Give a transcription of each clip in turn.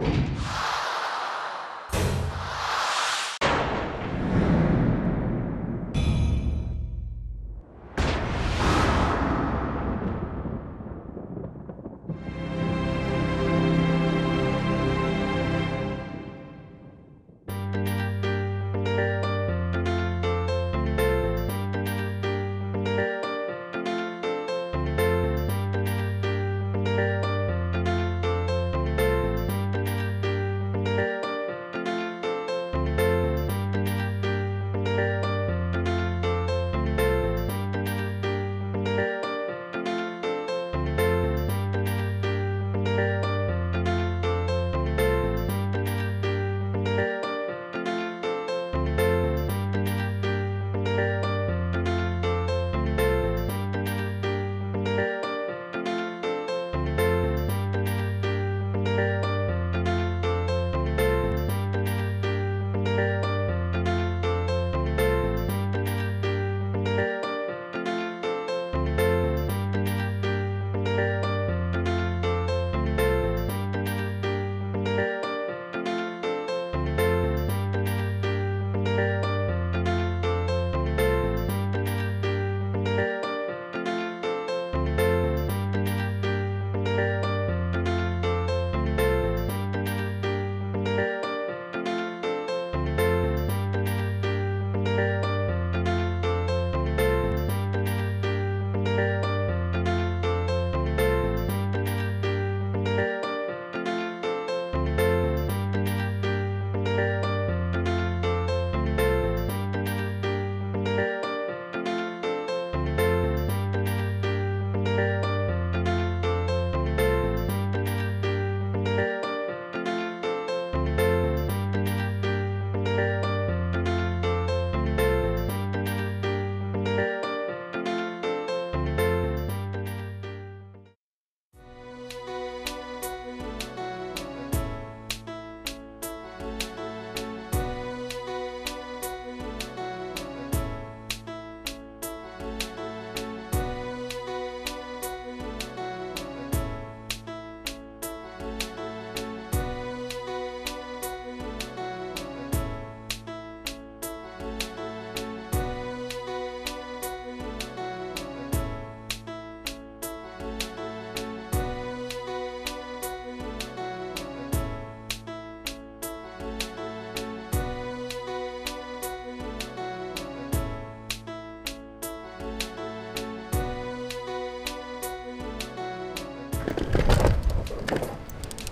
you.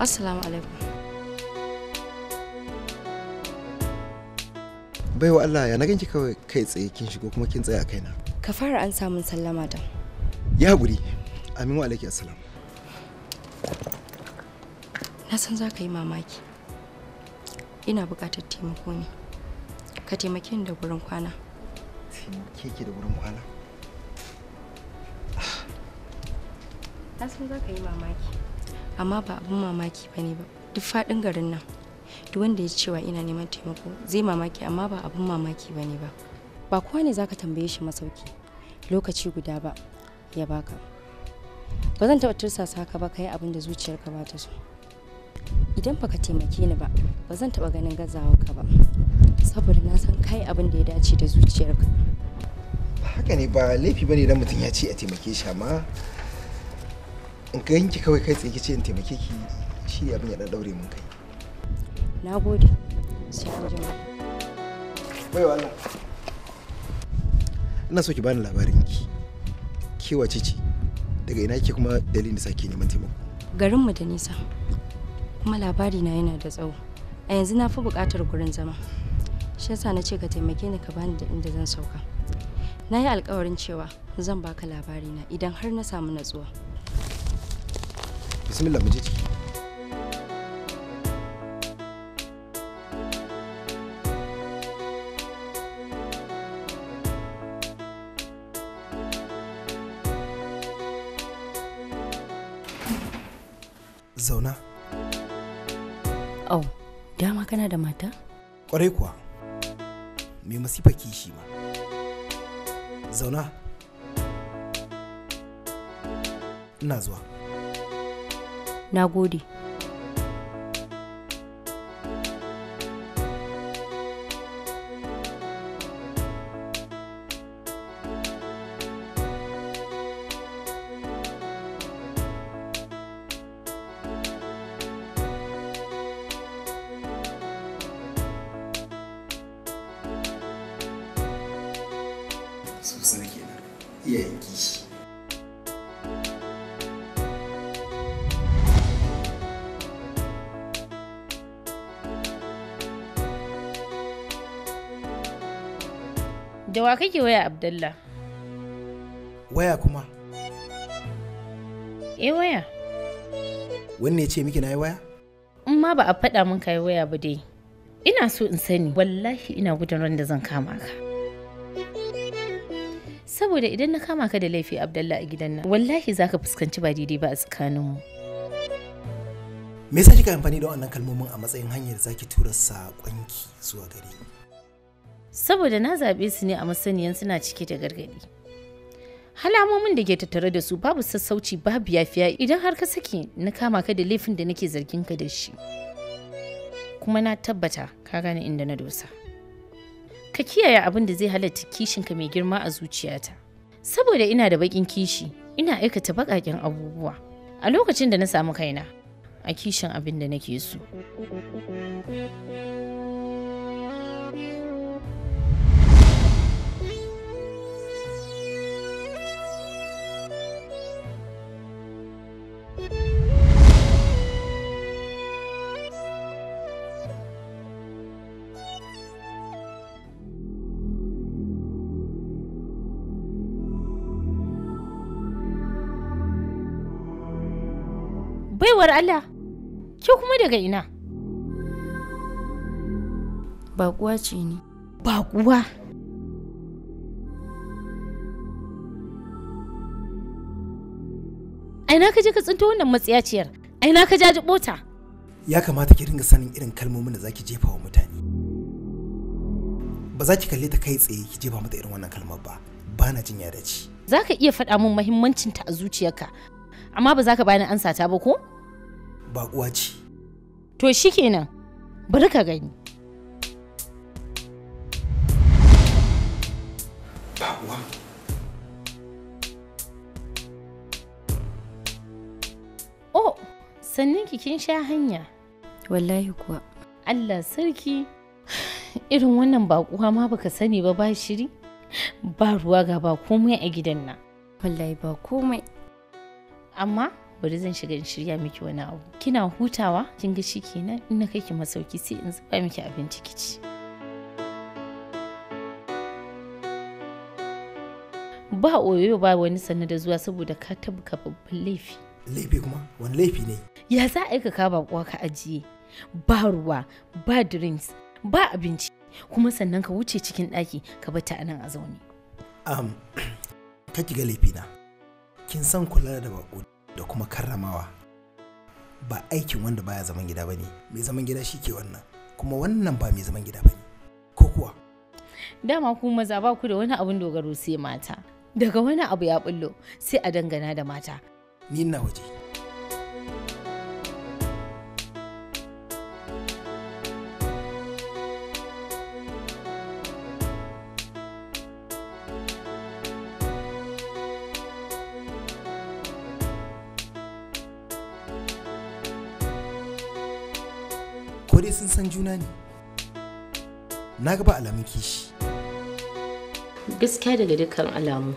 Assalamu alaikum. Baiwa Allah ya na ganki kawai kai tsaye kin shigo kuma kin tsaya kaina. Ka fara an samun sallama da. Ya guri. Amin wa alaiki assalam. Na san za ka yi mamaki. Ina buƙatar taimako ne. Ka taimake ni da gurin kwana. Taimake ki da gurin kwana? Na san za ka yi mamaki. amma ba abin mamaki ba ba duk faɗin garin nan duk wanda ya cewa ina neman taimako zai mamaki amma ba abin mamaki ba ba ba kowa ne zaka tambaye shi masauki lokaci guda ba ya baka ba zan taɓa tursasa ka ba kai abin da zuciyarka ba ta so idan baka taimake ni ba ba zan taɓa ganin ka ba saboda na san kai abin da ya dace da zuciyarka haka ne ba laifi bane idan mutum ya ce a taimake shi amma in ka yanki kawai kai tsaye ce in taimake ki shi abin ya dan daure mun kai na gode sai an jima bai wannan ina so ki bani labarin ki ke wace ce daga ina ke kuma dalilin da sake neman taimako garinmu da nisa kuma labari na yana da tsawo a yanzu na fi buƙatar gurin zama shi yasa na ce ka taimake ni ka bani da inda zan sauka na yi alkawarin cewa zan baka labari na idan har na samu natsuwa bismillah mu je ciki zauna. Au, dama kana da mata? Ƙwarai kuwa, mai masifa kishi ma. Zauna. Ina zuwa. Na gode. wa kake waya abdullah waya kuma eh waya wanne ya ce miki na yi waya in ma ba a faɗa min ka yi waya ba dai ina so in sani wallahi ina gudun wanda zan kama ka saboda idan na kama ka da laifi abdullah a gidan nan wallahi za ka fuskanci ba daidai ba a tsakaninmu me yasa kika amfani da wannan kalmomin a matsayin hanyar zaki tura saƙonki zuwa gare ni saboda na zaɓe su ne a masaniyan suna cike da gargaɗi. Halamomin da ke tattare da su babu sassauci babu yafiya idan har ka sake na kama ka da laifin da nake zargin ka da shi. Kuma na tabbata ka gane inda na dosa. Ka kiyaye abin da zai halatta ka mai girma a zuciyata. Saboda ina da baƙin kishi, ina aikata baƙaƙen abubuwa. A lokacin da na samu kaina, a kishin abin da nake so. Baiwar Allah, ke kuma daga ina? Baƙuwa ce ni. Baƙuwa? Aina ka je ka tsinto wannan matsiyaciyar, aina ka jaji bota. Ya kamata ki dinga sanin irin kalmomin da za jefa wa mutane. Ba za ki kalle ta kai tsaye ki jefa mata irin wannan kalmar ba, ba na jin ya dace. Za ka iya faɗa min muhimmancinta a zuciyarka, amma ba za ka bani ansa ta ba ko? bakuwa ce. To shikenan bari ka gani. bakuwa. Oh, sannan kin sha hanya. Wallahi kuwa. Allah sarki irin wannan bakuwa ma baka sani ba ba shiri? Ba ruwa ga ba komai a gidan nan. Wallahi ba komai. Amma bari zan shiga in shirya miki wani abu kina hutawa kin ga shikenan in na kai ki masauki sai in zuba miki abinci ki ci ba oyoyo ba wani sannu da zuwa saboda ka tabbuka babban laifi laifi kuma wani laifi ne ya za a yi ka kaba ka ajiye ba ruwa ba drinks ba abinci kuma sannan ka wuce cikin ɗaki ka bata anan a zaune um, ka ki laifi na kin san kula da bakoni. da kuma karramawa ba aikin wanda baya zaman gida bane mai zaman gida shi ke wannan kuma wannan ba mai zaman gida bane ko kuwa dama ku maza ba ku da wani abin dogaro sai mata daga wani abu ya bullo sai a dangana da mata ni na waje juna ne na ga alamun kishi gaskiya daga dukkan alamu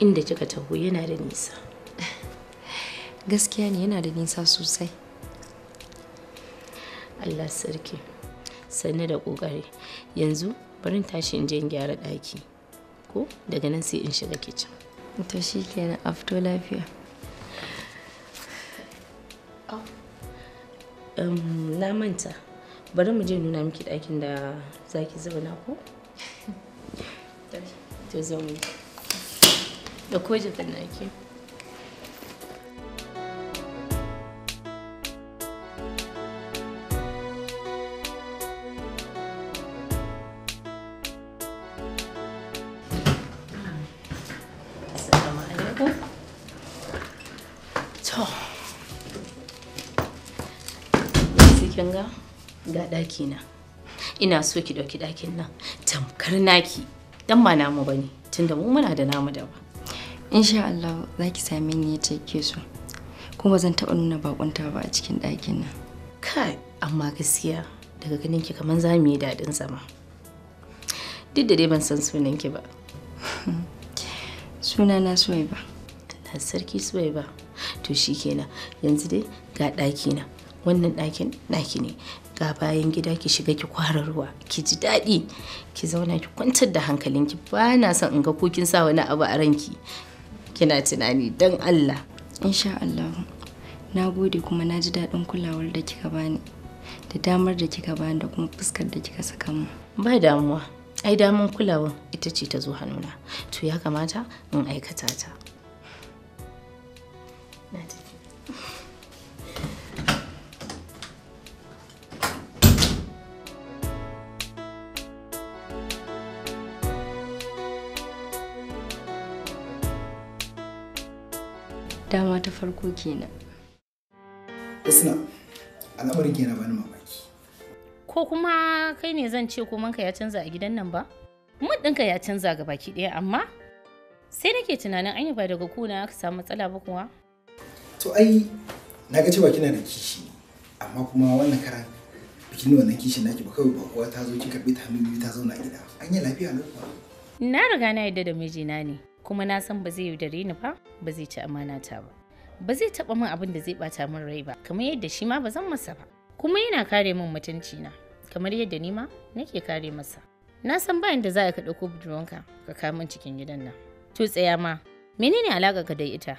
inda kika taho yana da nisa gaskiya ne yana da nisa sosai allah sarki sannu da ƙoƙari yanzu barin tashi in je in gyara ɗaki ko daga nan sai in shiga kicin ta shi kenan na afto lafiya na manta bari mu je nuna miki ɗakin da zaki zauna ko to zo mu da ko jakan naki ina so ki ɗauki ɗakin nan tamkar naki dan ba namu ba ne tunda mu muna da namu da ba insha Allah za ki same ni ya ke so kuma zan taɓa nuna bakunta ba a cikin ɗakin nan kai amma gaskiya daga ganin ki kaman za mu yi daɗin zama duk da dai ban san sunan ki ba sunana Suwaiba Allah sarki Suwaiba to shikenan yanzu dai ga na wannan ɗakin ɗaki ne ga bayan gida ki shiga ki kwara ruwa ki ji daɗi ki zauna ki kwantar da hankalinki ba na son in ga kukin sa wani abu a ranki kina tunani dan Allah insha Allah na gode kuma na ji daɗin kulawar da kika bani da damar da kika bani da kuma fuskar da kika saka mu ba damuwa ai daman kulawar ita ce ta zo hannuna to ya kamata in aikata ta na dama ta farko kenan isna al'amarin ke na bani mamaki ko kuma kai ne zan ce komanka ya canza a gidan nan ba mun ɗinka ya canza ga baki ɗaya amma sai nake tunanin an yi ba daga kuna aka samu matsala ba kuwa to ai na ga cewa kina da kishi amma kuma wannan karan bikin wannan kishi naki ba kawai ba kowa ta zo kika bi ta hannu ta zauna a gida an yi lafiya lau na riga na yadda da mijina ne kuma na san ba zai yaudare ni ba ba zai ci amana ta ba ba zai taba min abin da zai bata min rai ba kamar yadda shi ma ba zan masa ba kuma yana kare min mutunci na kamar yadda ni ma nake kare masa na san ba inda za ka dauko budurwanka ka kawo min cikin gidan nan to tsaya ma menene alaka ka da ita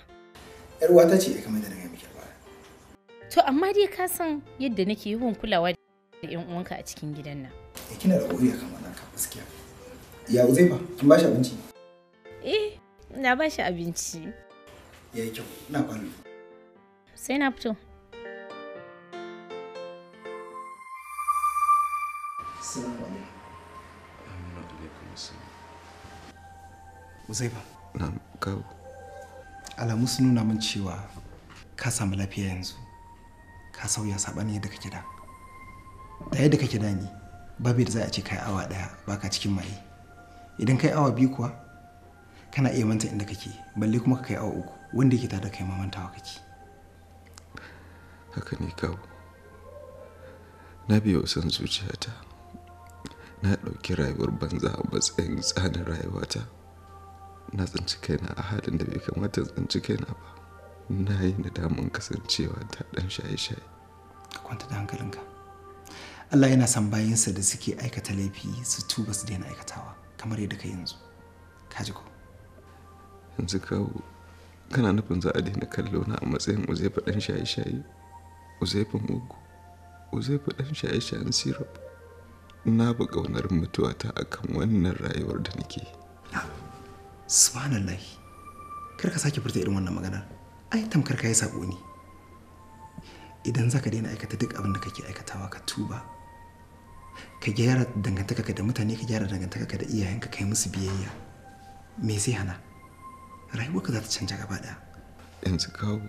yar uwata ce kamar da na miki ba to amma dai ka san yadda nake yawan kulawa da yan uwanka a cikin gidan nan eh, kina da goyiya kamar ka gaskiya ya ba kin ba shi abinci eh na ba shi abinci ya yi kyau na kwano sai na fito Assalamu ba? Na kawo. Alamu sun nuna min cewa ka samu lafiya yanzu. Ka sauya saɓani yadda kake da. Da yadda kake da ni, babu yadda za a ce kai awa ɗaya baka cikin maye. Idan kai awa biyu kuwa, kana iya manta inda kake balle kuma ka kai awa uku wanda yake tada kai wa kake haka ne kawo na biyo san zuciyata na ɗauki rayuwar banza a matsayin tsanin rayuwata na tsinci kaina a halin da bai kamata tsinci kaina ba na yi damun kasancewa ta ɗan shaye-shaye ka kwanta da hankalinka Allah yana son bayinsa da suke aikata laifi su tuba su daina aikatawa kamar yadda ka yanzu ka ji ko yanzu kawo kana nufin za a daina kallo na a matsayin uzaifa ɗan shaye-shaye uzaifa mugu uzaifa ɗan shaye-shayen syrup na bi ƙaunar mutuwata a kan wannan rayuwar da nake ah, subhanallah kar ka sake furta irin wannan magana ai tamkar ka yi sabo ne idan za ka daina aikata duk abin da kake aikatawa ka tuba ka gyara ka da mutane ka gyara ka da iyayenka kai musu biyayya me sai hana rayuwarka za ta canja gaba ɗaya yanzu kawo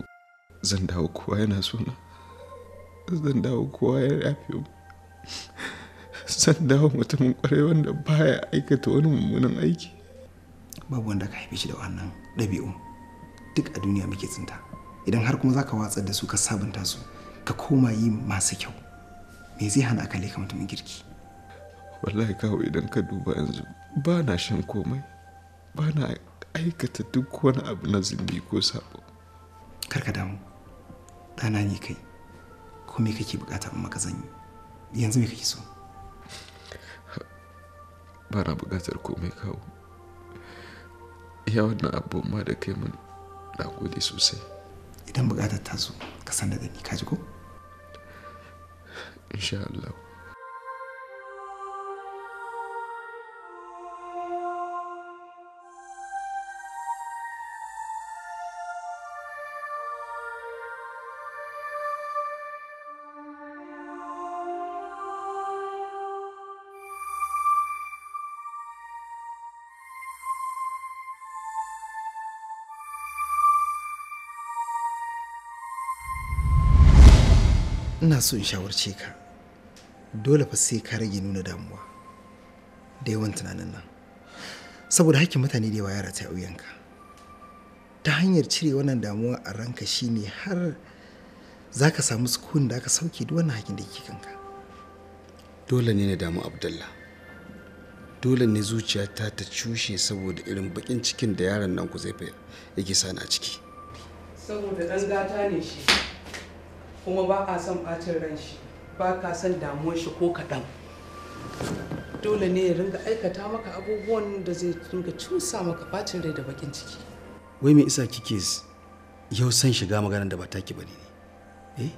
zan dawo kowa yana suna zan dawo kowa ya yafe mu zan dawo mutumin kwarai wanda baya aikata wani mummunan aiki babu wanda ka haife shi da wannan ɗabi'u duk a duniya muke tsinta idan har kuma zaka watsa da su ka sabunta su ka koma yi masu kyau me zai hana aka leka mutumin girki wallahi kawo idan ka duba yanzu ba na shan komai ba na aikata duk wani abu na zunubi ko sabo karka damu dana ne kai ko me kake bukata amma ka zanyi yanzu me kake so ba na bukatar komai kawo ya wannan abu ma da kai mun na gode sosai idan bukatar ta zo ka san da ni ka ji ko insha Allah ina so in shawarce ka dole fa sai ka rage nuna damuwa da yawan tunanin nan saboda haƙƙin mutane da yawa yara ta wuyanka ta hanyar cire wannan damuwa a ranka shine har za ka samu sukun da aka sauke duk wannan haƙƙin da ke kanka dole ne na damu abdullah dole ne zuciyata ta cushe saboda irin bakin cikin da yaron nan ku zai yake sani a ciki saboda ɗan gata ne shi kuma ba ka son ɓacin ran shi ba ka son damuwar shi ko kaɗan dole ne ya ringa aikata maka abubuwan da zai ringa cusa maka ɓacin rai da bakin ciki wai me isa kike yau san shiga maganar da ba taki bane ne eh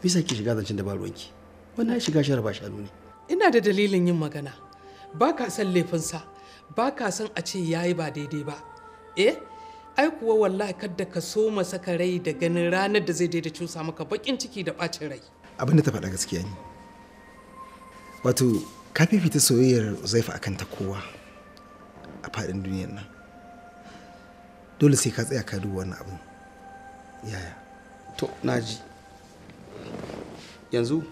me isa ki shiga zancen da ba ruwanki wannan shiga shara ba shanu ne ina da dalilin yin magana ba ka son laifinsa ba ka son a ce ya yi ba daidai ba eh ai kuwa wallahi kadda ka so masa ka rai da ganin ranar da zai daida cusa maka bakin ciki da bacin rai abin da ta faɗa gaskiya ne wato ka fifita soyayyar zaifa akan ta kowa a faɗin duniyar nan dole sai ka tsaya ka duba wannan abin yaya to naji yanzu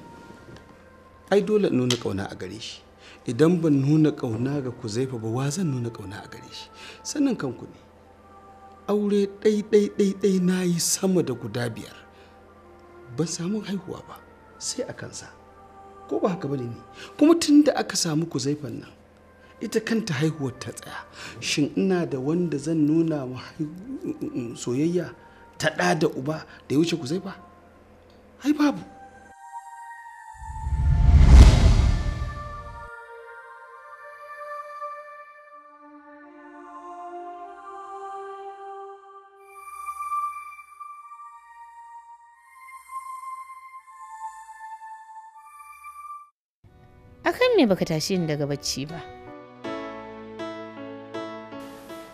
ai dole nuna kauna a gare shi idan ban nuna kauna ga ku zaifa ba wa zan nuna ƙauna a gare shi sannan kanku ne aure ɗai-ɗai-ɗai na yi sama da guda biyar ban samu haihuwa ba sai a kansa ko ba haka bane ne kuma tun da aka samu kuzaifan nan ita kanta haihuwar ta tsaya shin ina da wanda zan nuna ma mm, mm, mm, soyayya ta ɗa da uba da ya wuce kuzaifa ai babu me baka tashi ni daga bacci ba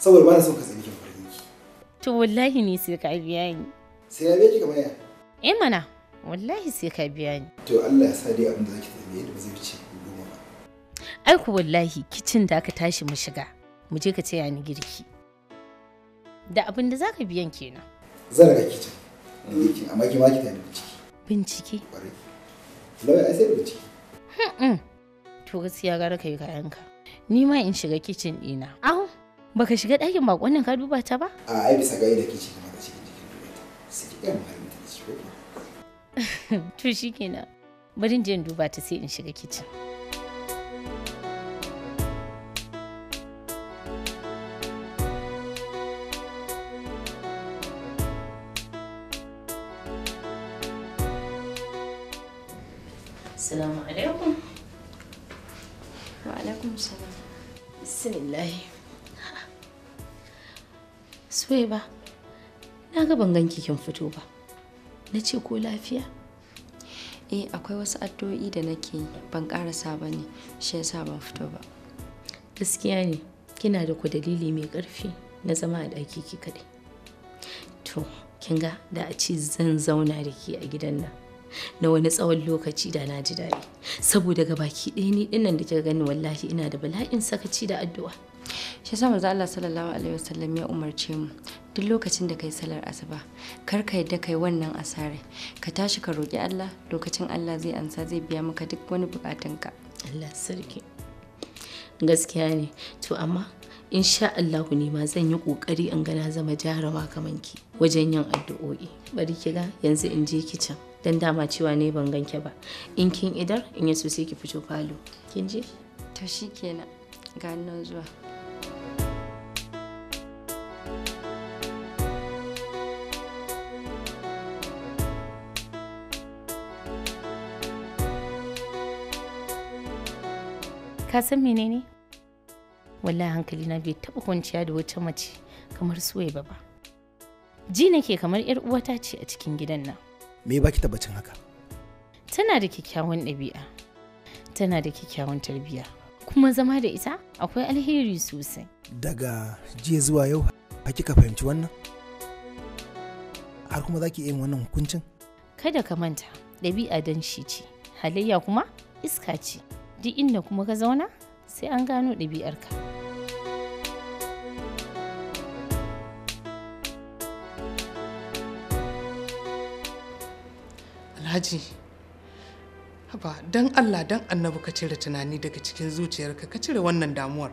saboda ba na son ka sani kin farin ki to wallahi ni sai ka biya ni sai ya biya ki kamar ya eh mana wallahi sai ka biya ni to Allah ya sa dai abin da zaki tambaye da ba zai wuce goma ba ai ku wallahi kicin da aka tashi mu shiga mu je ka ya ni girki da abin da zaka biyan kenan zan ga kicin amma ki ma ki tafi bincike. bincike ƙwarai lauya ai sai bincike to gaskiya gara ka yi kayanka ni ma in shiga kicin dina aho baka shiga ɗakin bakon nan ka duba ta ba a ai bisa ga da kicin ma ka shiga cikin duba ta sai ki ɗan mahalin ta ci to shikenan bari in je in duba ta sai in shiga kicin wallahi suwe na ga ban ganki kin fito ba na ce ko lafiya eh akwai wasu addu'o'i da nake ban karasa ba ne shi yasa ban fito ba gaskiya ne kina da ku dalili mai ƙarfi na zama a ɗaki ki kaɗai to kin ga da a ce zan zauna da ke a gidan nan na wani tsawon lokaci da na ji daɗi saboda ga baki ɗaya ni dinnan da kika gani wallahi ina da bala'in sakaci da addu'a shi sa manzo Allah sallallahu alaihi wasallam ya umarce mu duk lokacin da kai salar asuba kar ka yadda kai wannan asare ka tashi ka roki Allah lokacin Allah zai ansa zai biya maka duk wani bukatunka Allah sarki gaskiya ne to amma insha Allah ne ma zan yi kokari in gana zama jarama makamanki wajen yin addu'o'i bari kiga yanzu in je kicin dan dama cewa ne ban ganke ba in kin idar in yaso sosai ki fito falo kin je? to kenan, ga nan zuwa ka san menene wallahi hankali na bai taba kwanciya da wata mace kamar suwaiba ba ji nake kamar yar uwata ce a cikin gidan nan me baki tabbacin haka tana da kyakkyawan ɗabi'a tana da kyakkyawan tarbiyya kuma zama da ita akwai alheri sosai daga jiya zuwa yau kika fahimci wannan har kuma zaki yin wannan hukuncin kada ka manta ɗabi'a don shi ce halayya kuma iska ce duk inda kuma ka zauna sai an gano ɗabi'arka Alhaji, haba don Allah don annabi ka cire tunani daga cikin zuciyarka ka cire wannan damuwar.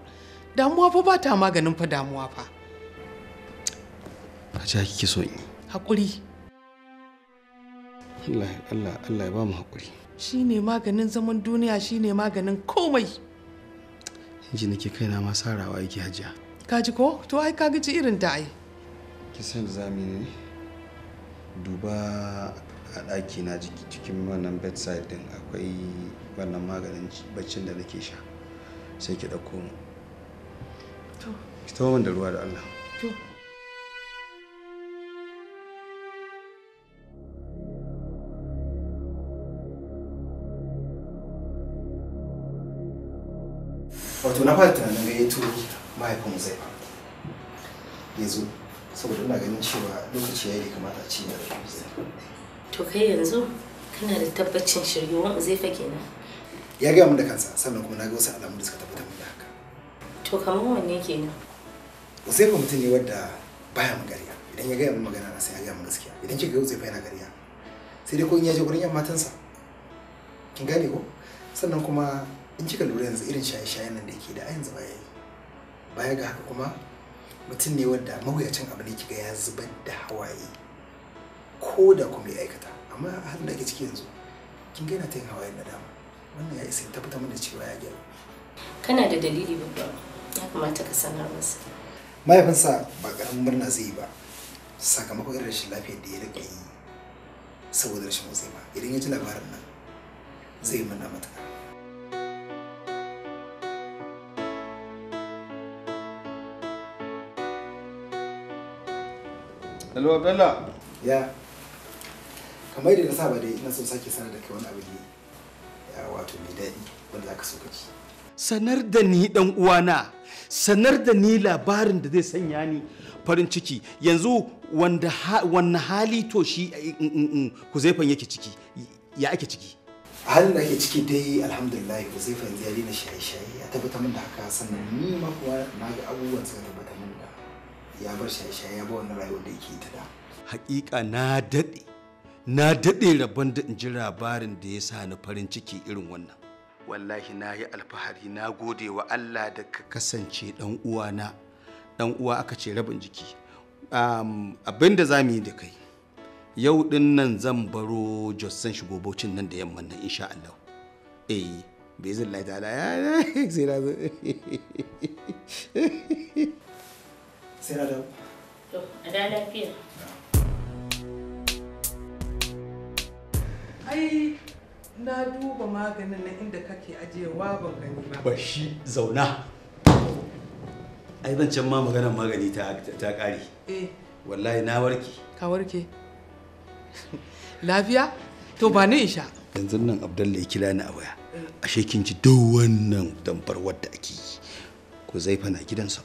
Damuwa fa ba ta maganin fa damuwa fa. A ja kike so in yi. Haƙuri. Allah Allah Allah ya ba mu haƙuri. Shi ne maganin zaman duniya shi ne maganin komai. Ji nake kaina ma sarawa yake hajiya. Kaji ko? To ai ka gaji irin ta ai. Kisan zamini ne. Duba a ɗaki na cikin wannan bedside din akwai wannan maganin baccin da nake sha sai ki ɗauko mu ki tawo da ruwa da Allah wato na fara tunanin ga yato mahaifin zai ba ya zo saboda ina ganin cewa lokaci ya yi kamata a ci da zai to kai yanzu kana da tabbacin shirye, shiryuwan uzefa kenan ya gaya mun da kansa sannan kuma na ga wasu alamu da suka tabbatar mun da haka to kamar wanne kenan uzefa mutum ne wanda baya gariya, idan ya gaya mun magana na sai ya gaya mun gaskiya idan kika ga uzefa yana gariya sai dai ko in ya je gurin yan matansa kin gane ko sannan kuma in kika lura yanzu irin shaye-shayen nan da yake da a yanzu baya yi baya ga haka kuma mutum ne wanda mawuyacin abu ne kiga ya zubar da hawaye ko da kuma ya aikata amma har da ake ciki yanzu kin gina ta yin hawayen nadama wannan ya isa tabbatar mana cewa ya gyara kana da dalili babba ya kamata ka sanar masa mahaifinsa ba karamin murna zai yi ba sakamakon irin rashin lafiyar da ya rika yi saboda rashin motsi ba idan ya ji labarin nan zai murna matuƙa Hello, Bella. Yeah. kamar yadda na saba dai ina so sake sanar da kai wani abu ne wato mai daɗi wanda za ka so ka ci sanar da ni dan uwana sanar da ni labarin da zai sanya ni farin ciki yanzu wanda wanne hali to shi ku eh, mm, mm, mm, zaifan yake ciki ya ake ciki halin da ake ciki dai alhamdulillah ku zaifan yanzu ya shaye-shaye ya tabbatar min da haka sannan ni ma kuma na ga abubuwan suka tabbatar min da ya bar shaye-shaye ya ba wannan rayuwar da yake ta da hakika na daɗe na daɗe rabon da in ji labarin da ya sa ni farin ciki irin wannan wallahi na yi alfahari na gode wa allah da ka kasance ɗan uwana ɗan uwa aka ce rabin jiki um, abin da za mu yi da kai yau ɗin nan zan baro jossan shigo bocin nan da yamma nan insha allah eh bai zan lai dala ya sai na zo sai na to a da lafiya ai na duba maganin na inda kake ajiyewa ban gani ba ba shi zauna ai zan can ma maganin magani ta ta kare eh wallahi na warke ka warke lafiya to ba ni isha yanzu nan abdalla ya kira ni a waya ashe kin ji duk wannan dambar wadda ake yi ko zai fana gidansa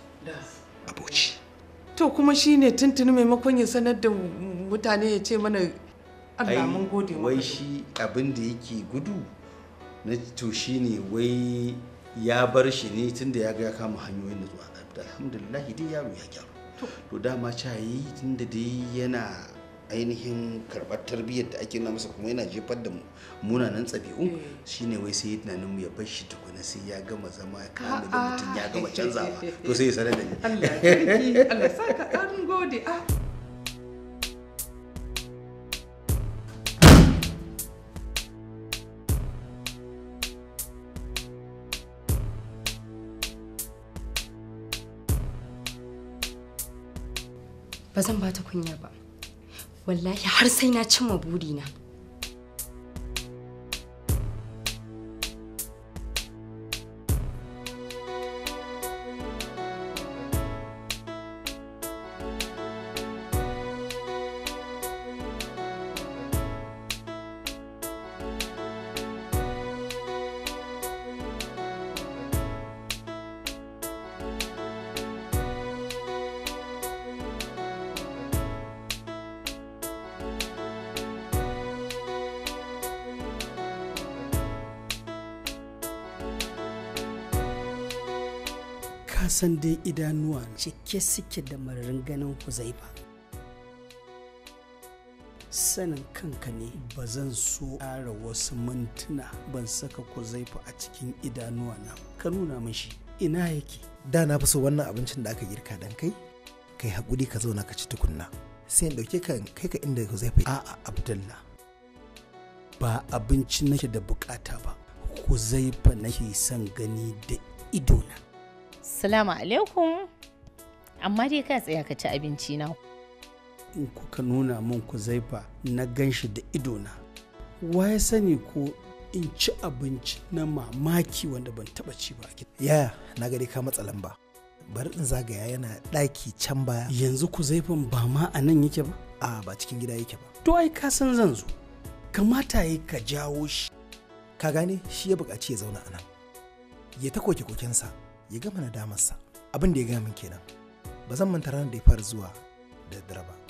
a to kuma shine tuntuni maimakon ya sanar da mutane ya ce mana Allah mun gode wai shi abin da yake gudu na to ne wai ya bar shi ne tunda ya ga ya kama hanyoyin da zuwa alhamdulillah dai yaro ya gyaru to dama tun da dai yana ainihin karɓar tarbiyyar da ake na masa kuma yana jefar da munanan tsabi'u eh. shine wai sai tunanin mu ya bar shi tukuna sai ya gama zama ya kama da mutum ya gama canzawa to sai ya sanar da ni Allah ya Allah saka an gode ah ba zan ba ta kunya ba wallahi har sai na cimma burina kasan dai idanuwa cike suke da mararin ganin huzaifa sanin kanka ne ba zan so ƙara wasu mintuna ban saka ku kuzaifa a cikin idanuwa na ka nuna mashi ina yake da na fi so wannan abincin da aka girka dan kai kai haƙuri ka zauna ka ci tukunna sai in ɗauke ka kai ka inda huzaifa a'a abdullah ba abinci nake da bukata ba ku huzaifa nake son gani da idona Salamu alaikum. Amma dai ka tsaya ka ci abinci na. In kuka nuna mun ku zaifa na ganshi shi da idona. Wa ya sani ko in ci abinci na mamaki wanda ban taba ci ba. Ya, na gari ka matsa lamba. Bari in zagaya yana ɗaki can baya. Yanzu ku zaifin ba ma a nan yake ba? A ba cikin gida yake ba. To ai ka san zan zo. Kamata yi ka jawo shi. Ka gane shi ya buƙaci ya zauna a nan. Ya ta koke-kokensa ya gama nadamarsa abin da ya gaya min kenan ba zan manta ranar da ya fara zuwa da daddare ba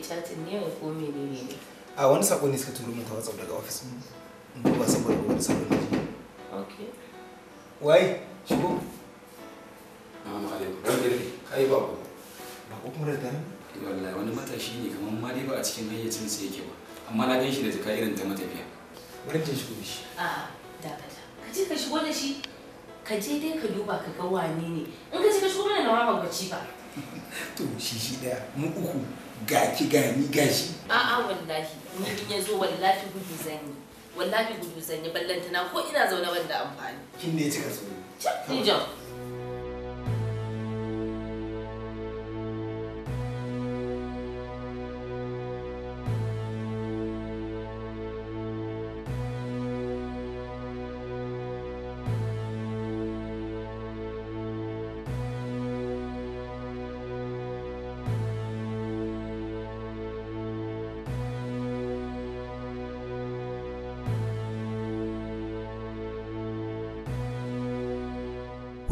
yi chatting ne ko menene ne a wani sako ne suka turo ta WhatsApp daga office mu ba saboda wani sako ne okay wai shigo Assalamu alaikum dan girki kai ba ku ba ku kuma da eh, wallahi wani matashi ne kamar ma dai ba a cikin hayyacin sa yake ba amma na gan shi da jaka irin ta matafiya bari ta shigo shi a dakata ka je ka shigo da shi ka je dai ka duba ka ga wane ne in ka je ka shigo mana da ba bacci ba to shi shi daya mu uku gaki gani gashi a'a wallahi ni in ya zo wallahi gudu zan wallahi gudu zan yi ballantana ko ina zaune wanda amfani kin ne cika zo ni jan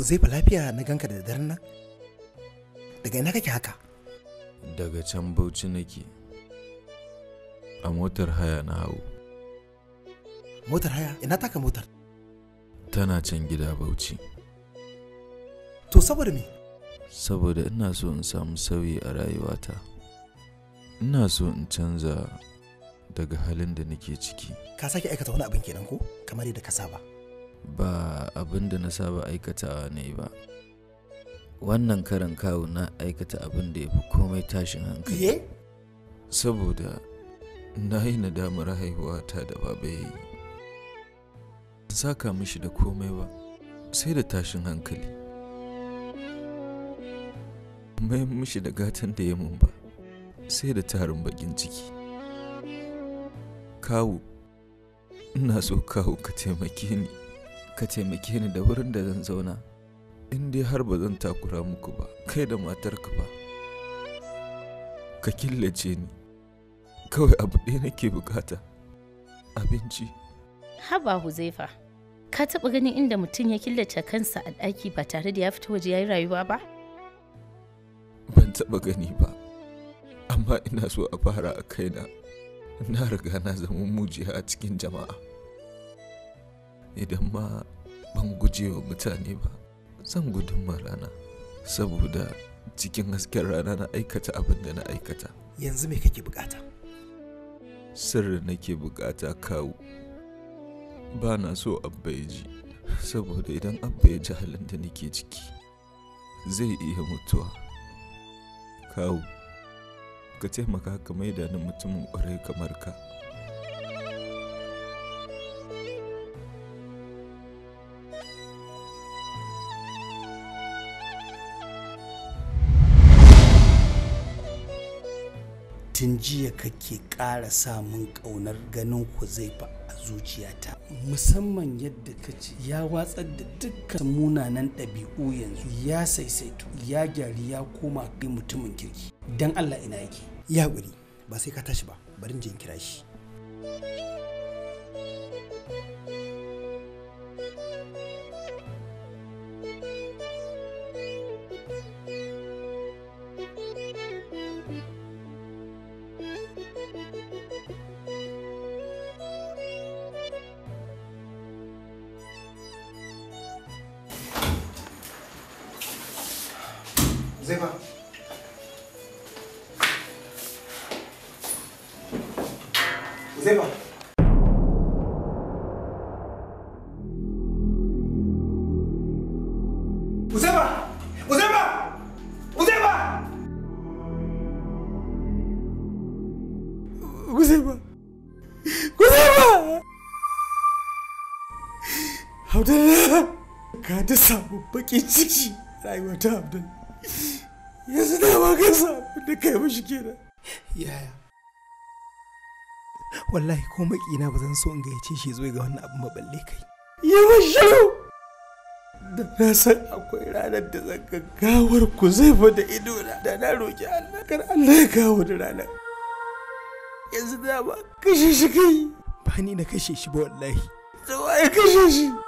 zai fa lafiya na ganka da daren nan daga ina kake haka daga can bauchi nake a motar haya na hau motar haya ina taka motar tana can gida bauchi to saboda me saboda ina so in samu sauyi a rayuwata ina so in canza daga halin da nake ciki ka sake aikata wani abin kenan ko kamar yadda ka saba ba abin da na saba aikatawa ne ba wannan karin kawo na aikata abin da ya fi komai tashin hankali saboda na yi nadamar haihuwata da baba ya yi saka mishi da komai ba sai da tashin hankali mai mishi da gatan da ya mun ba sai da tarin bakin ciki kawo ina so kawo ka taimake ni ka taimake ni da wurin da zan zauna in dai har ba zan takura muku ba kai da matarka ba ka killace ni kawai abu ɗaya nake bukata abinci haba huzaifa ka taɓa ganin inda mutum ya killace kansa a ɗaki ba tare da ya fita waje ya yi rayuwa ba ban taɓa gani ba amma ina so a fara a kaina na riga na zama mujiya a cikin jama'a idan ma ban gujewa mutane ba zan gudun rana saboda cikin hasken rana na aikata abin da na aikata yanzu me kake bukata sirri nake bukata kawo ba na so abba ya ji saboda idan abba ya ji halin da nake ciki zai iya mutuwa kawo ka taimaka ka maida ni mutumin kwarai kamar ka tun jiya kake ƙara samun ƙaunar ganin huzaifa a zuciyata musamman yadda ka ce ya watsar da dukkan munanan ɗabi'u yanzu ya saisaito ya gyari ya koma kai mutumin kirki don allah ina yake ya haƙuri ba sai ka tashi ba barin jin kira shi Zeba. Zeba. Zeba. Zeba. Zeba. Zeba. Zeba. Abdullah. Kada sabu pakai cici. Rai wata Abdullah. yanzu da ma ka da kai mishi kenan yaya wallahi ko makina ba zan so in gayyace shi zo ga wannan abin balle kai yi shiru da na san akwai ranar da zan gaggawar ku zai da ido na da na roƙi Allah kar Allah ya kawo da ranar yanzu da kashe shi kai ba ni na kashe shi ba wallahi da ya kashe shi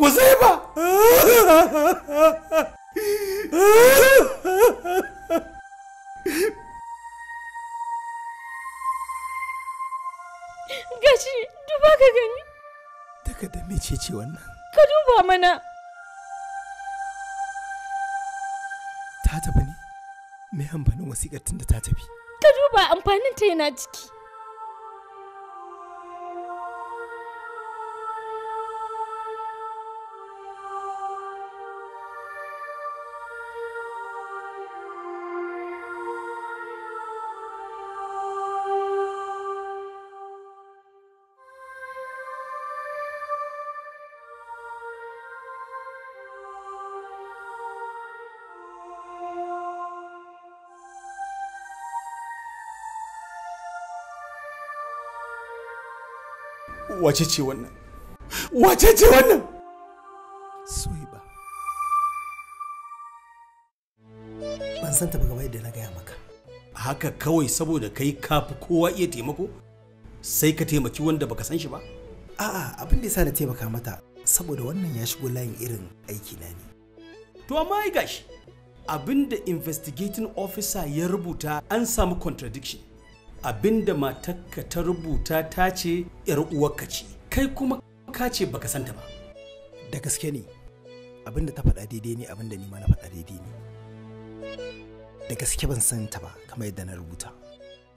Uzaiba! Gashi, duba ka gani. Daga da mece ce wannan? Ka duba mana. Ta tafi ne? Me amfanin wasiƙar tun da ta tafi? Ka duba amfanin ta yana ciki. wace ce wannan wace ce wannan suiba ban san ta ba gaba yadda na gaya maka haka kawai saboda kai kafi kowa iya taimako sai ka taimaki wanda baka san shi ba a'a abin da yasa na taimaka mata saboda wannan ya shigo layin irin aiki na ne to amma ai gashi abin da investigating officer ya rubuta an samu contradiction abinda matarka ta rubuta ta ce yar uwarka ce kai kuma ka ce baka santa ba da gaske ne abinda ta faɗa daidai ne abinda ni ma na faɗa daidai ne da gaske ban santa ba kamar yadda na rubuta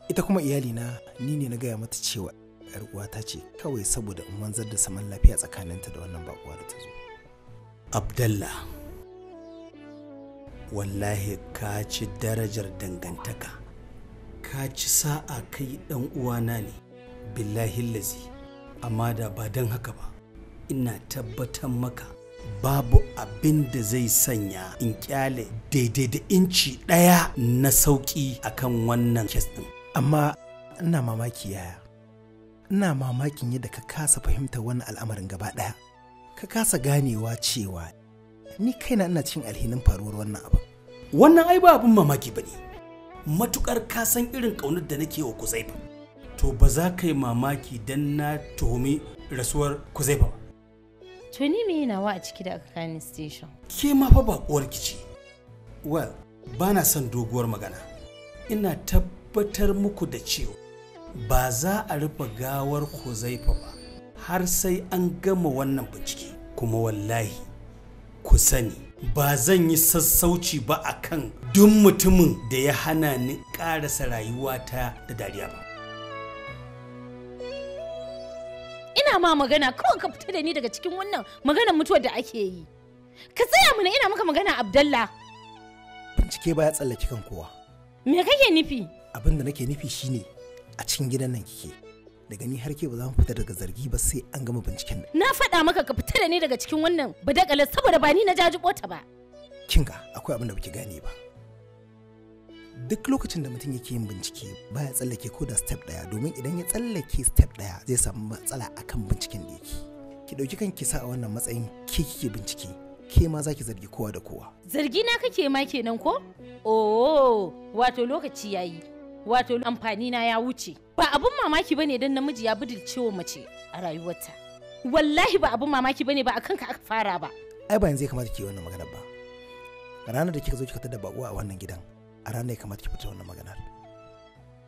ita kuma iyalina ni ne na gaya mata cewa yar uwata ce kawai saboda in wanzar da saman lafiya tsakaninta da wannan bakuwa da ta zo abdalla wallahi ka ci darajar dangantaka ka ci sa'a kai ɗan uwana ne billahi lazi amma da ba don haka ba ina tabbatar maka babu abin da zai sanya in kyale daidai da inci ɗaya na sauƙi akan wannan kes ɗin amma ina mamaki yaya ina mamakin yadda ka kasa fahimtar wannan al'amarin gaba ɗaya ka kasa ganewa cewa ni kaina ina cin alhinin faruwar wannan abin wannan ai ba abin mamaki ba ne matukar kasan irin ƙaunar da nake wa kuzaifa to ba za ka yi mamaki dan na tuhumi rasuwar kuzaifa ba to ni me nawa a ciki da aka kani station ke ma fa ba uwar kici well ba na son doguwar magana ina tabbatar muku da cewa ba za a rufe gawar kuzaifa ba har sai an gama wannan bincike kuma wallahi ku sani ba zan yi sassauci ba a kan duk mutumin da ya hana ni ƙarasa rayuwata da dariya ba ina ma magana kawai ka fita da ni daga cikin wannan maganar mutuwar da ake yi ka tsaya mana ina maka magana abdalla bincike baya tsallake kan kowa me kake nufi abin da nake nufi shine a cikin gidan nan kike da gani har ke ba za mu fita daga zargi ba sai an gama binciken na faɗa maka ka fita da ni daga cikin wannan ba badakalar saboda ba ni na jaji ta ba kinga akwai abin da baki gane ba duk lokacin da mutum yake yin bincike baya tsallake ko da step ɗaya domin idan ya tsallake step ɗaya zai samu matsala akan binciken da yake ki kan ki sa a wannan matsayin ke kike bincike ke ma zaki zargi kowa da kowa zargi na kake ma kenan ko oh wato lokaci ya yi. wato amfani na ya wuce ba abun mamaki bane dan namiji ya budilce wa mace a rayuwarta wallahi ba abun mamaki bane ba a ka aka fara ba ai ba yanzu ya kamata ki yi wannan magana ba ranar da kika zo kika tada baƙo a wannan gidan a ranar ya kamata ki fita wannan maganar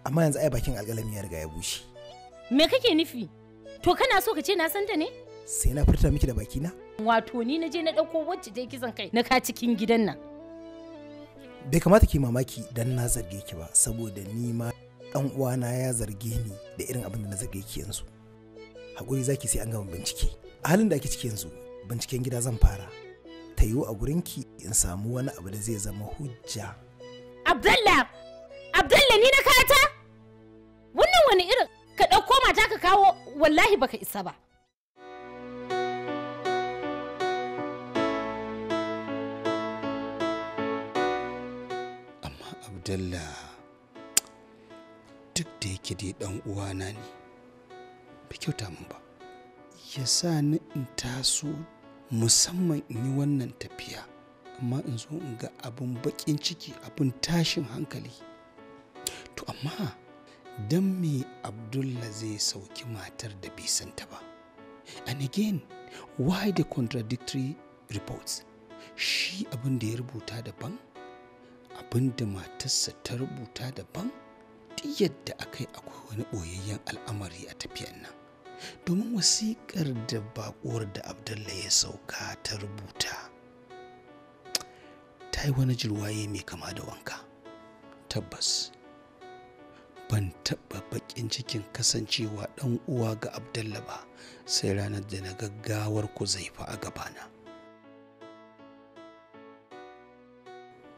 amma yanzu ai bakin alƙalami ya riga ya bushe me kake nufi to kana so ka ce na san ta ne sai na furta miki da bakina wato ni na je na ɗauko wacce dai kisan kai na ka cikin gidan nan bai kamata ki mamaki dan na zarge ki ba saboda ni ma dan uwana ya zarge ni da irin abin da na zarge ki yanzu hakuri zaki sai an gama bincike a halin da ake ciki yanzu binciken gida zan fara ta yiwu a ki in samu wani abu da zai zama hujja abdallah ni na kata wannan wani irin ka ɗauko mata ka kawo wallahi baka isa ba dalla duk da yake dai dan uwana ne bai kyauta min ba ya sa ni in taso musamman in yi wannan tafiya amma in zo in ga abin baƙin ciki abin tashin hankali to amma don me abdullah zai sauki matar da bai santa ba and again why the contradictory reports shi abin da ya rubuta daban abinda matarsa ta rubuta daban duk yadda akai akwai wani ɓoyayyen al'amari a tafiyan nan domin wasiƙar da baƙuwar da abdalla ya sauka ta rubuta ta yi wani jirwaye mai kama da wanka tabbas ban taɓa baƙin cikin kasancewa ɗan uwa ga abdalla ba sai ranar da na gaggawar ku zaifa a gabana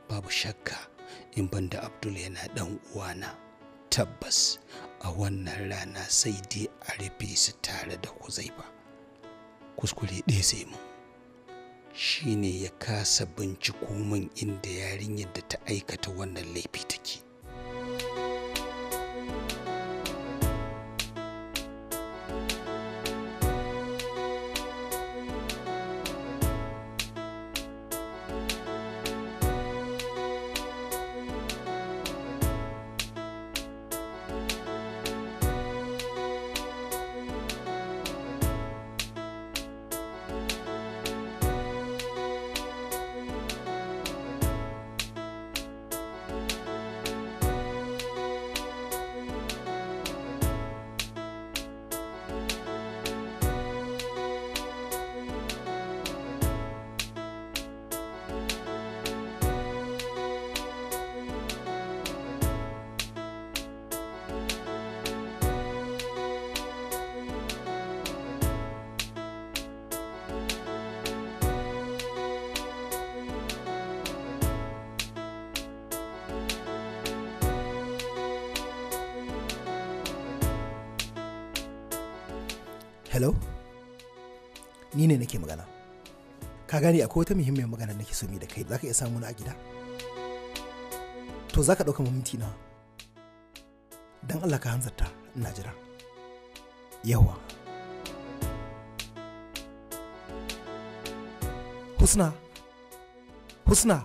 babu shakka in ban da abdul yana ɗan uwana tabbas a wannan rana sai dai a rufe su tare da ba kuskure ɗaya sai Shi shine ya kasa binciko min inda yarinyar da ta aikata wannan laifi take gane akwai wata muhimmiyar magana nake so mai da kai zaka iya samu na a gida to zaka ɗauka minti na dan Allah ka hanzarta ina jira yawa husna husna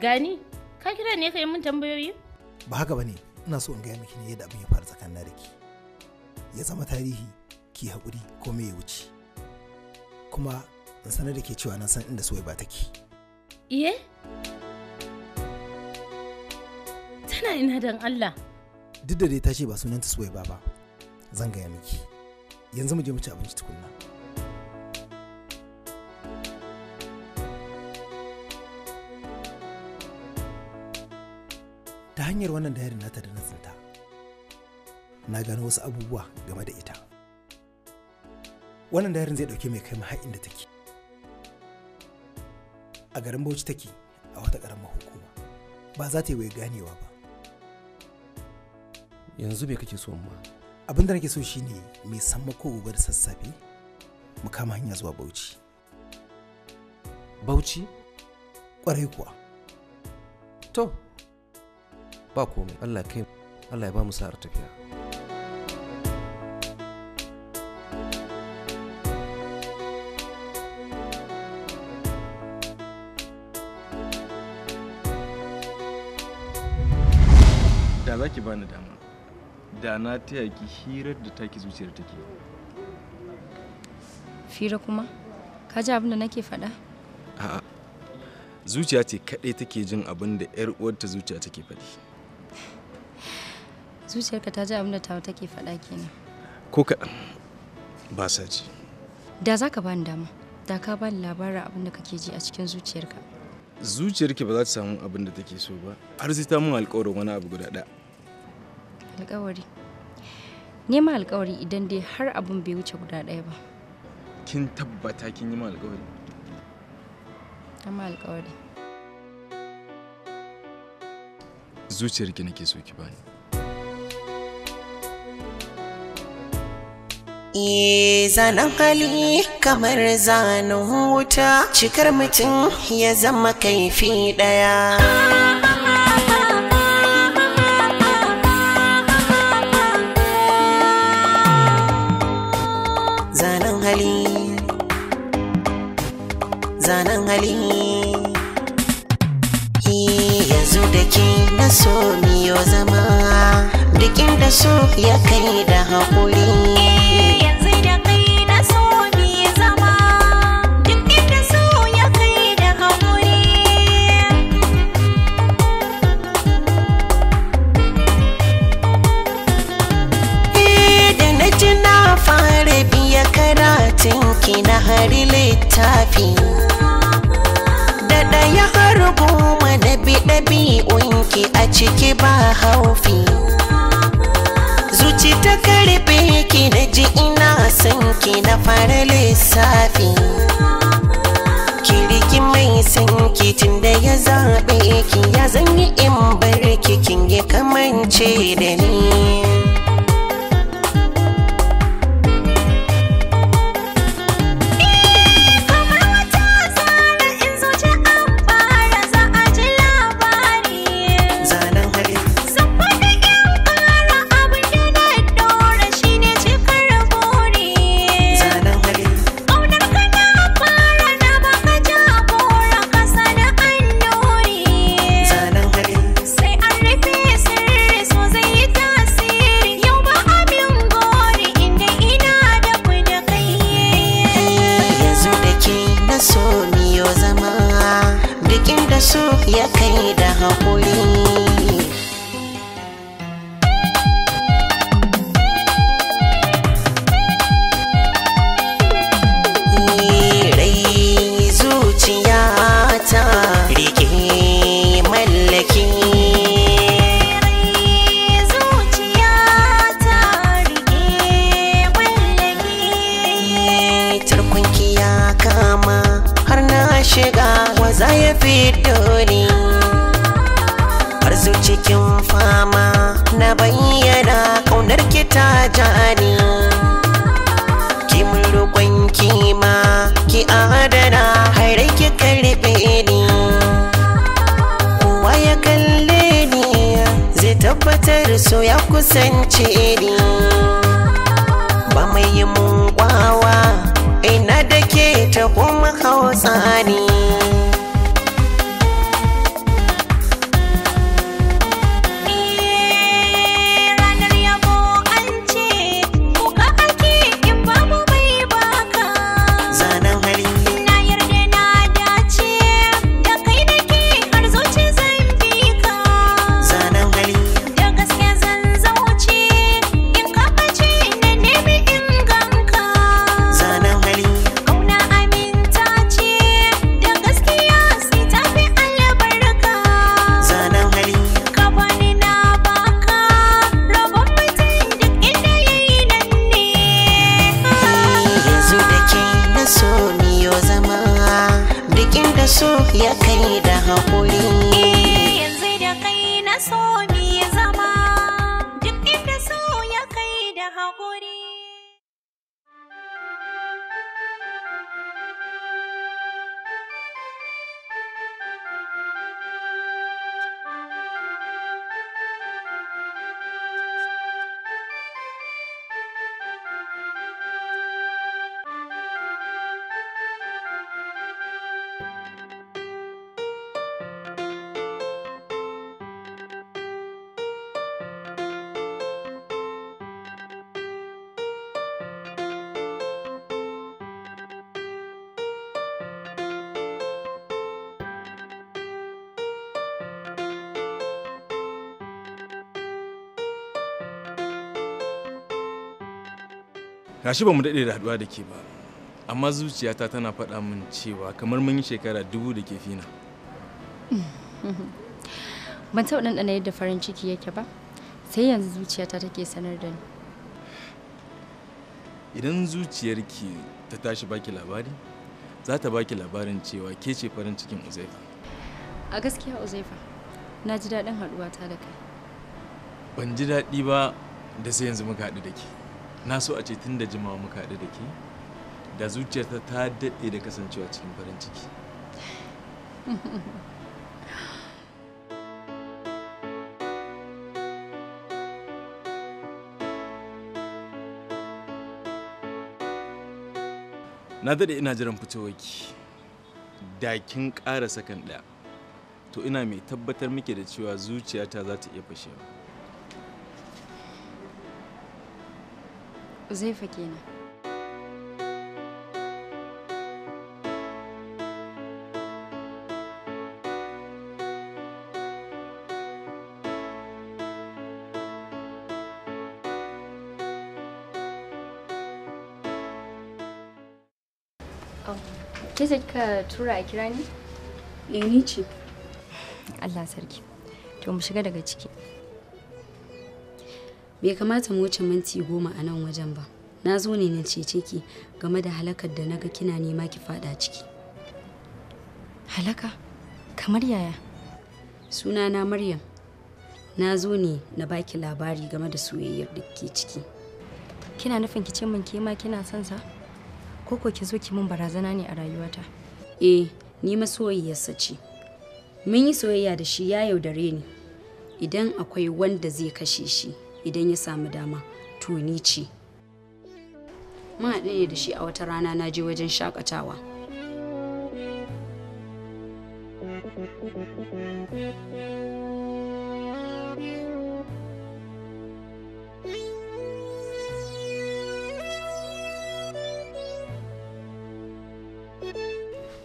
gani ne ka yi mun tambayoyi ba haka bane ina so in gaya miki ne yadda abin ya faru tsakanin da ke. ya zama tarihi ki haƙuri ko me ya wuce kuma in sanar da ke cewa na san inda soyayya ba take iye tana ina dan Allah duk da dai ta ce ba sunanta soyayya ba zan gaya miki yanzu mu je mu ci abinci tukunna hanyar wannan dayar nata da na na gano wasu abubuwa game da ita wannan dayarin zai dauke mai kai har da take a garin bauchi take a wata karamar hukuma ba za ta yi wai ganewa ba yanzu bai kake so ma abin da nake so shi ne mai samma ko gobe da sassafe mu kama hanya zuwa bauchi bauchi kwarai kuwa to ba komai Allah kai Allah ya ba mu sa'ar tafiya da za ki bani dama da na taya ki hirar da taki zuciyar take fira kuma ka ji abin da nake faɗa a'a zuciya ce kaɗai take jin abin da 'yar ta zuciya take faɗi zuciyarka ta ji abin da tawa take faɗa kenan ko ka ba sa ji da za ka bani dama da ka bani labarin abin da kake ji a cikin zuciyarka zuciyarki ba za ta samu abin da take so ba har sai ta mun alƙawarin wani abu guda ɗaya alƙawari nema alƙawari idan dai har abin bai wuce guda ɗaya ba kin tabbata kin yi ma alƙawari amma alƙawari zuciyarki nake so ki bani E, zanen hali kamar zanen wuta cikar mutum ya zama kaifi ɗaya zanen hali zanen hali yanzu da ke na so miyo zama duk inda so ya kai da haƙuri gari littafi da ɗaya har goma na bi unki a ciki ba haufi zuci ta karbe ki na ji ina son ki na fara lissafi kiriki mai son ki tun da ya zaɓe ki ya zanyi in bar ki kin ya kamance da ni so ya kai da haƙuri da fitori cikin fama na bayyana ƙaunar ta jani kimin roƙon ma ki adana har ki karɓe ni kowa ya kalle ni zai tabbatar so ya kusance ni ba mai yi mun kwawa ina da ke ta kuma hausa ne gashi ba mu daɗe da haɗuwa da ke ba amma zuciyata tana faɗa min cewa kamar mun yi shekara dubu da ke fina ban taɓa ɗanɗana yadda farin ciki yake ba sai yanzu zuciyata take sanar da ni idan zuciyarki ta tashi baki labari za ta baki labarin cewa ke ce farin cikin uzaifa a gaskiya uzaifa na ji daɗin haɗuwata da kai ban ji daɗi ba da sai yanzu muka haɗu da ke na so a ce tun da jimawa muka haɗu da ke da zuciyarta ta daɗe da kasancewa cikin farin ciki na daɗe ina jiran fitowarki da kin ƙara sakan ɗaya to ina mai tabbatar muke da cewa zuciyata za ta iya fashewa Uzaifa kenan. Oh. Ke ce kika tura a kira ni? Eh ce. Allah sarki. To mu shiga daga ciki. bai kamata mu wuce minti goma a nan wajen ba na zo ne na cece ki game da halakar da naga kina nema ki fada ciki halaka kamar yaya suna na maryam na zo ne na baki labari game da soyayyar da ke ciki kina nufin ki ce min ke ma kina son sa ko ko ki zo ki mun barazana ne a rayuwata eh ni masoyiyarsa ce mun yi soyayya da shi ya yaudare ni idan akwai wanda zai kashe shi idan ya samu dama to ni ce mun haɗu ne da shi a wata rana na je wajen shakatawa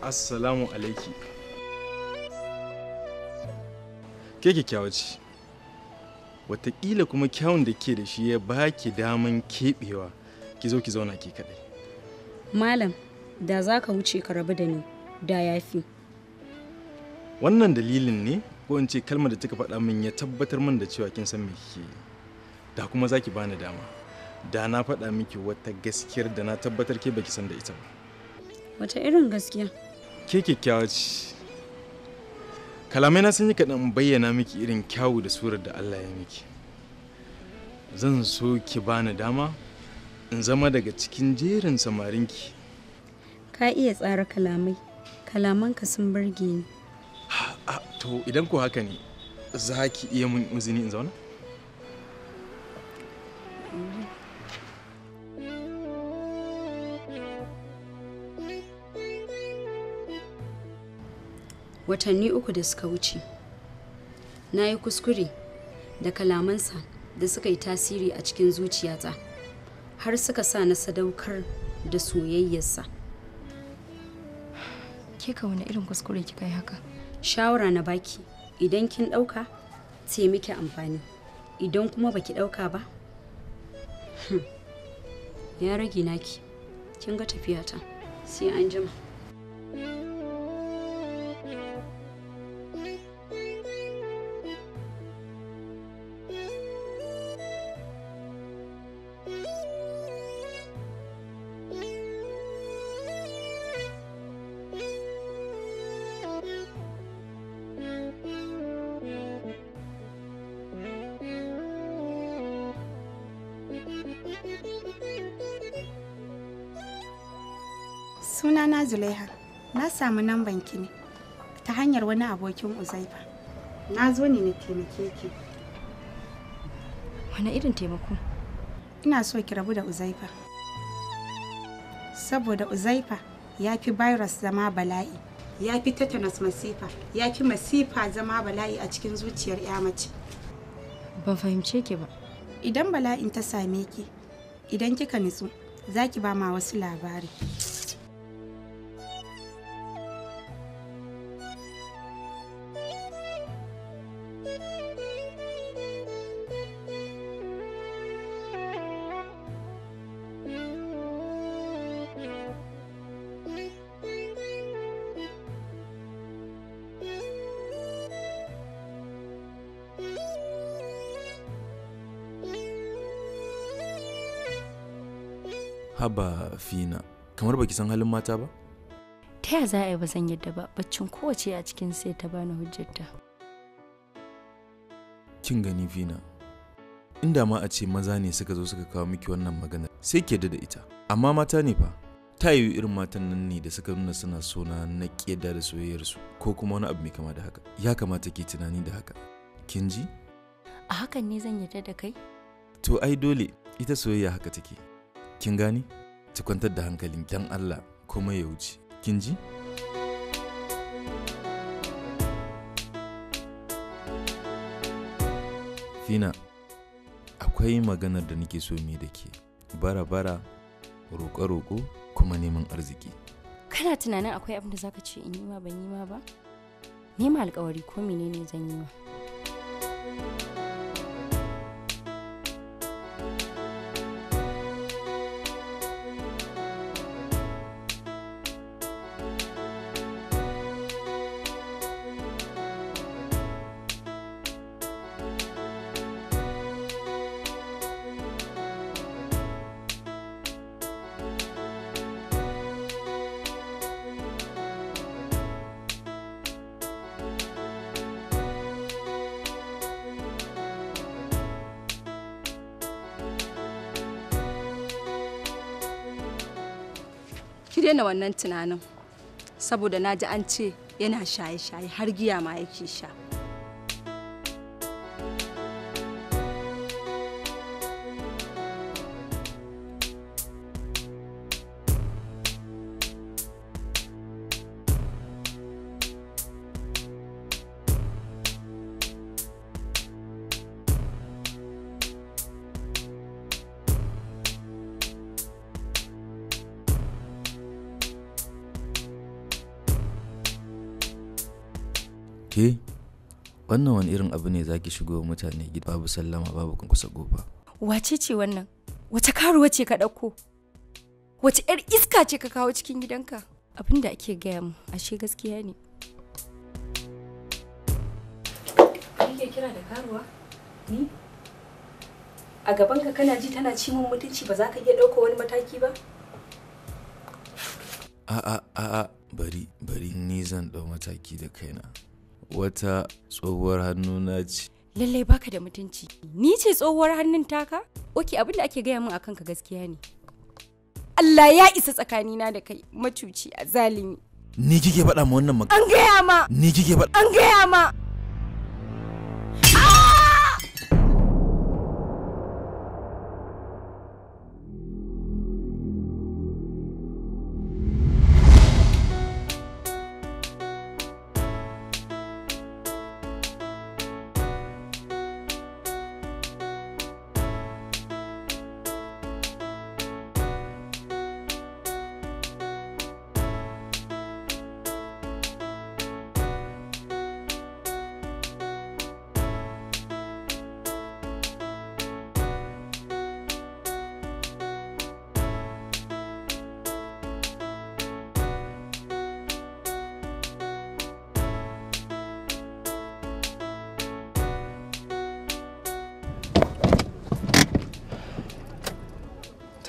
Assalamu alaiki. Ke kyakkyawa ce. watakila kuma kyawun da ke da shi ya baki daman keɓewa ki zo ki zauna ke kaɗai malam da za ka wuce ka rabu da ni da ya fi. wannan dalilin ne ko in ce kalmar da kika faɗa min ya tabbatar min da cewa kin san me kike yi da kuma za ki bani dama da na faɗa miki wata gaskiyar da na tabbatar ke baki san da ita ba wata irin gaskiya ke kyakkyawa ce kalamai na sun yi kaɗan bayyana miki irin kyawu da surar da Allah ya miki zan so ki bani dama in zama daga cikin jerin samarinki ka iya tsara kalamai kalamanka sun burge ni to idan ko haka ne za ki iya mun izini in zauna watanni uku da suka wuce na yi kuskure da kalamansa da suka yi tasiri a cikin zuciyata har suka sa na sadaukar da soyayyarsa kika wani irin kuskure kika yi haka shawara na baki idan kin ɗauka sai miki amfani idan kuma baki ɗauka ba hmm, ya rage naki kin ga tafiyata sai an jima samu ki ne ta hanyar wani abokin uzaifa na zo ne na taimake ki wani irin taimako ina so ki rabu da uzaifa saboda uzaifa ya fi virus zama bala'i ya fi tetanus masifa ya fi masifa zama bala'i a cikin zuciyar ya mace ban fahimce ki ba idan bala'in ta same ki idan kika nitsu za ki ba ma wasu labari haba fina kamar baki san halin mata ba ta ya za a yi ba zan yadda ba baccin kowace a cikin sai ta bani hujjarta kin gani fina inda ma a ce maza ne suka zo suka kawo miki wannan magana sai ke da ita amma mata ne fa ta yi irin matan nan ne da suka nuna suna sona na ƙeda da soyayyarsu ko kuma wani abu mai kama da haka ya kamata ke tunani da haka kin ji a hakan ne zan yarda da kai to ai dole ita soyayya haka take kin gani ki kwantar da hankalin kyan Allah kuma ya wuce kin ji Fina akwai maganar da nake so mi da ke bara-bara roƙo-roƙo kuma neman arziki kana tunanin akwai abin da zaka ce in yi ma ban yi ma ba nema alkawari ko menene zan yi ma wannan tunanin saboda na ji an ce yana shaye-shaye har giya ma yake sha ke wannan wani irin abu ne za ki shigo mutane gida babu sallama babu kan kusa gofa wace ce wannan wace karuwa ce ka ɗauko wace 'yar iska ce ka kawo cikin gidanka abin da ake gaya mu ashe gaskiya ne kike kira da karuwa ni a gabanka kana ji tana ci mun mutunci ba za ka iya ɗauko wani mataki ba a'a a'a bari bari ni zan ɗau mataki da kaina wata tsohuwar hannu na ce lallai baka da mutunci ni ce tsohuwar hannun taka oke abinda ake gaya min akan ka gaskiya ne Allah ya isa tsakanina da kai macuci a zalimi ni kike faɗa ma wannan magana an gaya ma ni kike faɗa an gaya ma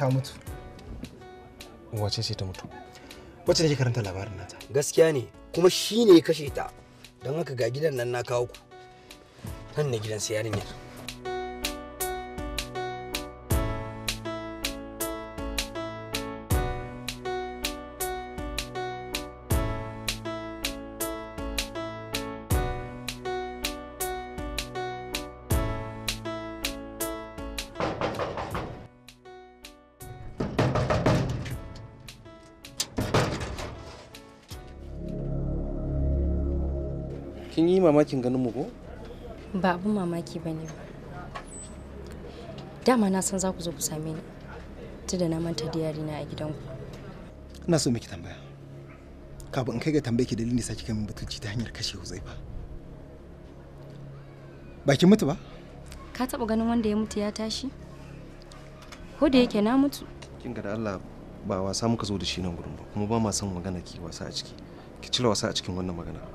ta mutu wace ce ta mutu karanta labarin nata gaskiya ne kuma shi ne ya kashe ta don haka ga gidan nan na kawo ku nan ne gidan sai yarinyar mamakin ganin mu ko? Ba abin mamaki ba ne ba. Dama na san za ku zo ku same ni. Tunda na manta diyari na a gidanku. Ina so miki tambaya. Kafin in kai ga tambaye ki dalilin da saki kan mutunci ta hanyar kashe Huzaifa. Ba ki mutu ba? Ka taba ganin wanda ya mutu ya tashi? Ko da yake na mutu. Kin ga da Allah ba wasa muka zo da shi nan gurin ba kuma ba ma san magana ki wasa a ciki. Ki cire wasa a cikin wannan magana.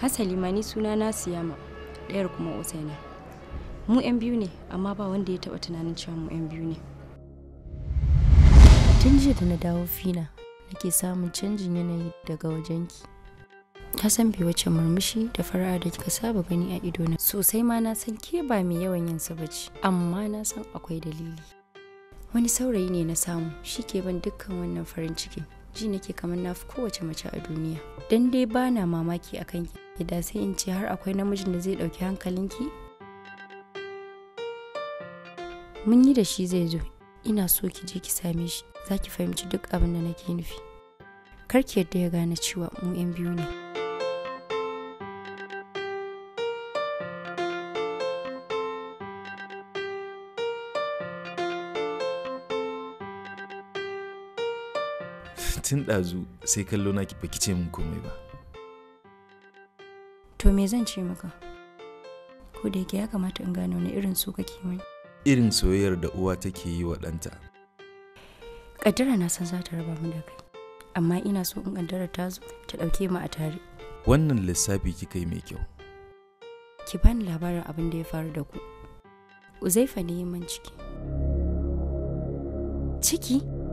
hasali ma suna na siyama ɗayar kuma usaina mu 'yan biyu ne amma ba wanda ya taɓa tunanin cewa mu 'yan biyu ne tun jiya da na dawo fina nake samun canjin yanayi daga wajenki ta san bai wace murmushi da fara'a da kika saba gani a ido na. sosai ma na san ke ba mai yawan yin ba ce amma na san akwai dalili wani saurayi ne na samu shi ke ban dukkan wannan farin cikin ji nake kamar na fi kowace mace a duniya dan dai ba na mamaki a kanki idan sai in ce har akwai namijin da zai ɗauki hankalinki mun yi da shi zai zo ina so ki je ki same shi za ki fahimci duk abin da nake nufi kar ki yadda ya gane cewa mu 'yan biyu ne tun ɗazu sai kallo na ki baki ce min komai ba to me zan ce maka ko da yake ya kamata in gano ne irin su kake mai irin soyayyar da uwa take yi wa ɗanta kaddara na san za ta raba mu da kai amma ina so in kaddara ta zo ta ɗauke mu a tare wannan lissafi kika yi mai kyau ki bani labarin abin da ya faru da ku uzaifa ne yi man ciki ciki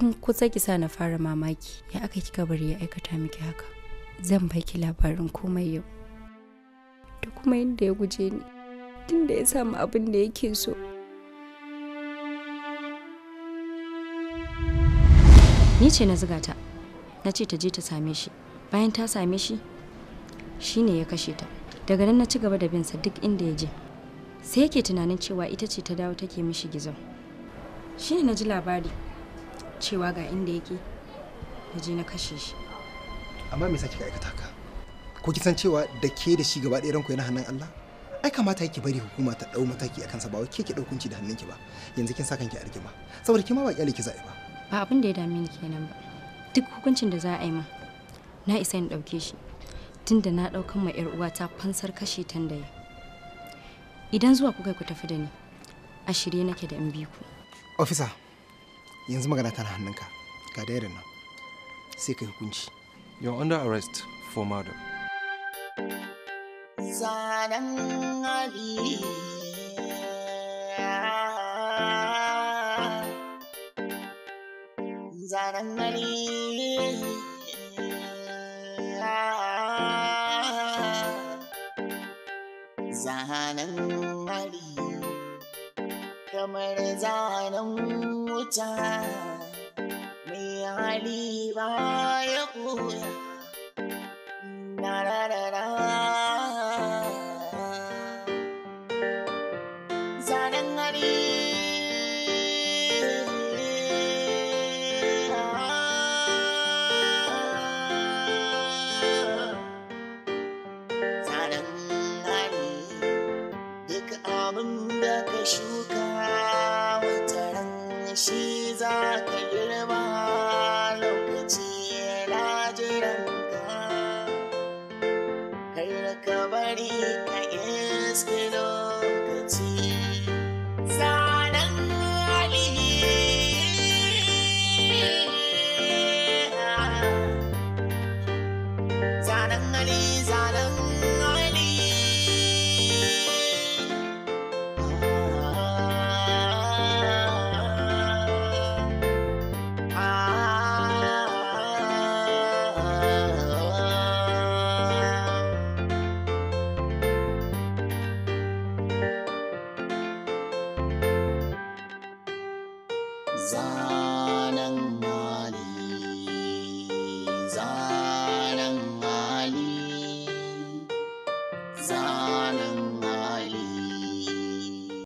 tun kusa kisa na fara mamaki ya aka kika bari ya aikata miki haka zan baki labarin komai yau da kuma yadda ya guje ni tun da ya samu abin da yake so ni ce na zuga ta na ce ta je ta same shi bayan ta same shi shine ya kashe ta daga nan na ci gaba da bin sa duk inda ya je sai yake tunanin cewa ita ce ta dawo take mishi gizo shine na ji labari cewa ga inda yake na je na kashe shi amma me yasa kika aikata haka ko kin san cewa da ke da shi gaba ɗaya ranku yana hannun Allah ai kamata yake bari hukuma ta dau mataki a sa ba wai ke ki daukunci da hannunki ba yanzu kin sa kanki a rigima saboda ki ma ba kyale ki za'i ba ba abin da ya dame ni kenan ba duk hukuncin da za a yi ma, na isa in dauke shi tunda na daukan ma yar uwata fansar kashe tan da idan zuwa ku kai ku tafi da ni a shirye nake da in bi ku officer yanzu magana tana hannunka ga da nan sai ka hukunci are under arrest for murder Zahanan ali kamar zanen wuta mai hali ba ya koya na rara